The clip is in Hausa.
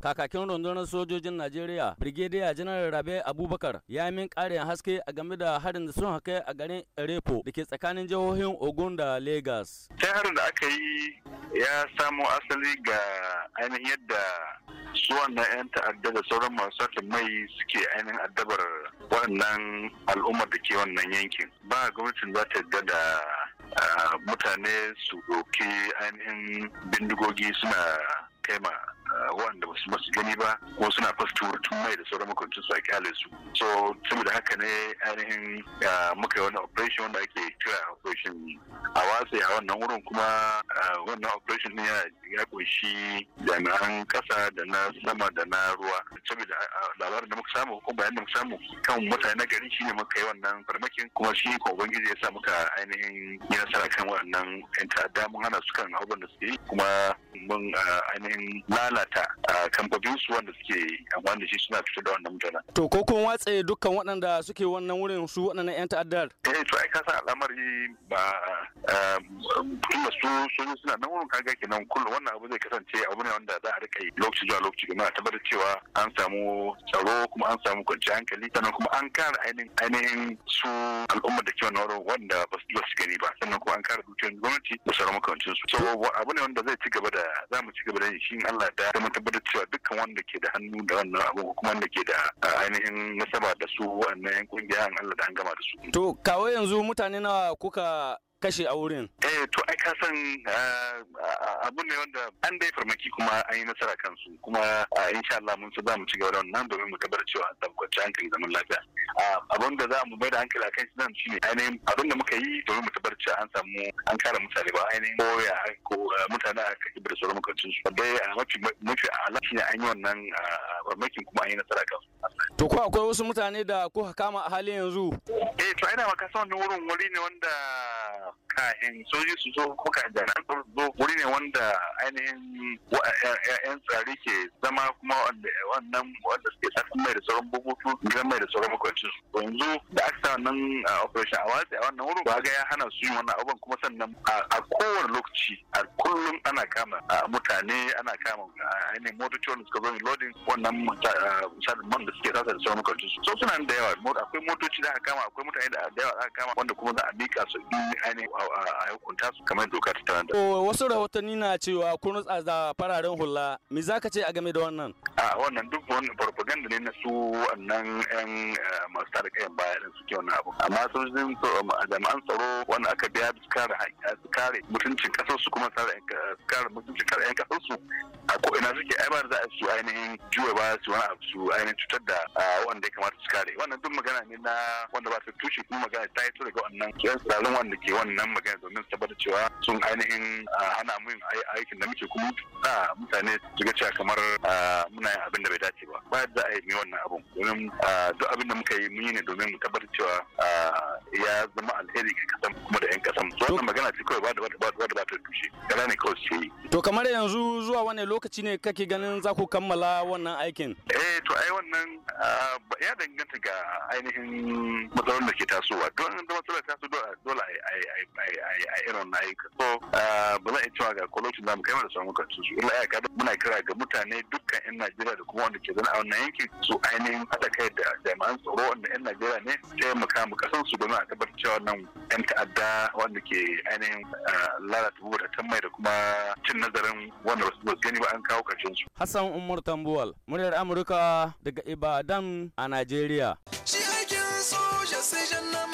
Kakakin rundunar sojojin Najeriya, Brigadier General Rabe Abubakar, ya min ƙarin haske a game da harin da sun haƙe a garin Erepo, da ke tsakanin jihohin Ogun da Lagos. sai harin da aka yi ya samo asali ga ainihin yadda su wannan 'yan ta'adda da sauran masu mai suke ainihin addabar waɗannan al'ummar da ke wannan yankin. Ba gwamnatin za ta da ah, mutane su ɗauki ainihin bindigogi suna kaima Eh, wanda ba su gani ba ko suna fasto tun mai da sauran makwancin su a kyale su so saboda haka ne ainihin eh, muka yi wani operation wanda ake kira operation a watsa a wannan wurin kuma eh, wannan operation ne ya kunshi jami'an kasa da na sama da na ruwa saboda labarin da muka samu ko bayan da muka samu kan mutane na gari shine muka yi wannan farmakin kuma shi ko ubangiji ya sa muka ainihin yi nasara kan wannan yan ta'adda mun hana su kan abubuwan da suke yi kuma mun ainihin lala lalata kamfanin su wanda suke wanda da shi suna fito da wannan mutanen. To ko kun watse dukkan waɗanda suke wannan wurin su waɗannan 'yan ta'addar? Eh to ai kasa al'amari ba tunda su sun suna nan wurin kaga kenan kullu wannan abu zai kasance abu ne wanda za a rika yi lokaci zuwa lokaci kuma a tabbatar cewa an samu tsaro kuma an samu kwanciyar hankali sannan kuma an kare ainihin su al'ummar da ke wannan wurin wanda ba su gani ba sannan kuma an kare dukiyar gwamnati da sauran makamancin su. So abu ne wanda zai ci gaba da za mu ci gaba da shi in Allah da da mun tabbatar cewa dukkan wanda ke da hannu da wannan abu ko kuma wanda ke da ainihin nasaba da su wannan yan kungiya an Allah da an gama da su to kawo yanzu mutane nawa kuka kashe a wurin. Eh to ai ka san ah, ah, abu ne wanda an dai farmaki kuma an yi nasara kansu kuma ah, insha Allah mun su za mu ci gaba da wannan domin mu tabbatar cewa da kwanci hankali zaman lafiya. Abin da za mu bai da hankali akan shi nan shine ainihin abin da muka yi domin mu tabbatar cewa an samu an kare mutane ba ainihin ko ko mutane a kake da sauran makwancin su. Dai mafi mafi ala shine an yi wannan farmakin kuma an yi nasara kansu. To ko akwai wasu mutane da kuka kama a halin yanzu? Eh to ina maka son wurin wuri ne wanda kahin soji su zo ko kahin jami'an zo wuri ne wanda ainihin yan tsari ke zama kuma wannan wanda suke tsarkin mai da sauran bubutu gidan mai da sauran makwancin su yanzu da aka sa wannan operation a watsi a wannan wuri ba ga ya hana su yin wannan abin kuma sannan a kowane lokaci a kullum ana kama mutane ana kama ainihin motoci wanda suka zo loading wannan misalin man da suke tsasa da sauran makwancin su so suna da yawa akwai motoci da aka kama akwai mutane da yawa da aka kama wanda kuma za a mika su ainihin a hukunta su kamar doka ta tanda. wasu rahotanni na cewa kun rutsa da fararen hula me zaka ce a game da wannan? a wannan duk wannan propaganda ne na su wannan yan eh, masu tare kayan baya da suke wannan abu amma sun zin jami'an tsaro wanda aka biya su kare su kare mutuncin kasar su kuma su kare mutuncin kare yan kasar su a ko ina suke ai ba za a su ainihin juya ba su wani abu su ainihin cutar da wanda ya kamata su kare wannan duk magana ne na wanda ba su tushe kuma magana ta yi ga wannan yan tsaron wanda ke wannan wannan magana domin tabbatar cewa sun ainihin ah, hana mu aikin da muke kuma sa mutane su ga cewa kamar ah, muna yin abin da bai dace ba ba yadda a yi wannan abun domin ah, duk abin da muka yi mun yi ne domin mu tabbatar cewa ya zama alheri ga kasan kuma da 'yan kasan wannan magana ce kawai ba da ba da ba da kawai ce yi. To kamar yanzu zuwa wani lokaci ne kake ganin za ku kammala wannan aikin? Eh to ai wannan ah, ya danganta ga ainihin matsalolin da ke tasowa. Don da matsalar taso dole a irin na yi So ah, ba za a cewa ga kwalocin da mu kai da samun kansu su. ila ya muna kira ga mutane dukkan 'yan Najeriya da kuma wanda ke zana a wannan yankin su ainihin haɗa kai da jami'an tsaro wanda 'yan Najeriya ne taimaka mu su domin a tabbatar cewa nan 'yan ta'adda wanda ke ainihin ah, lalata mutatan mai da kuma ba cin nazarin wanda ba su gani ba an kawo karshen su. Hassan Umar Tambuwal, muryar Amurka daga Ibadan a Najeriya. Shi aikin soja sai jannan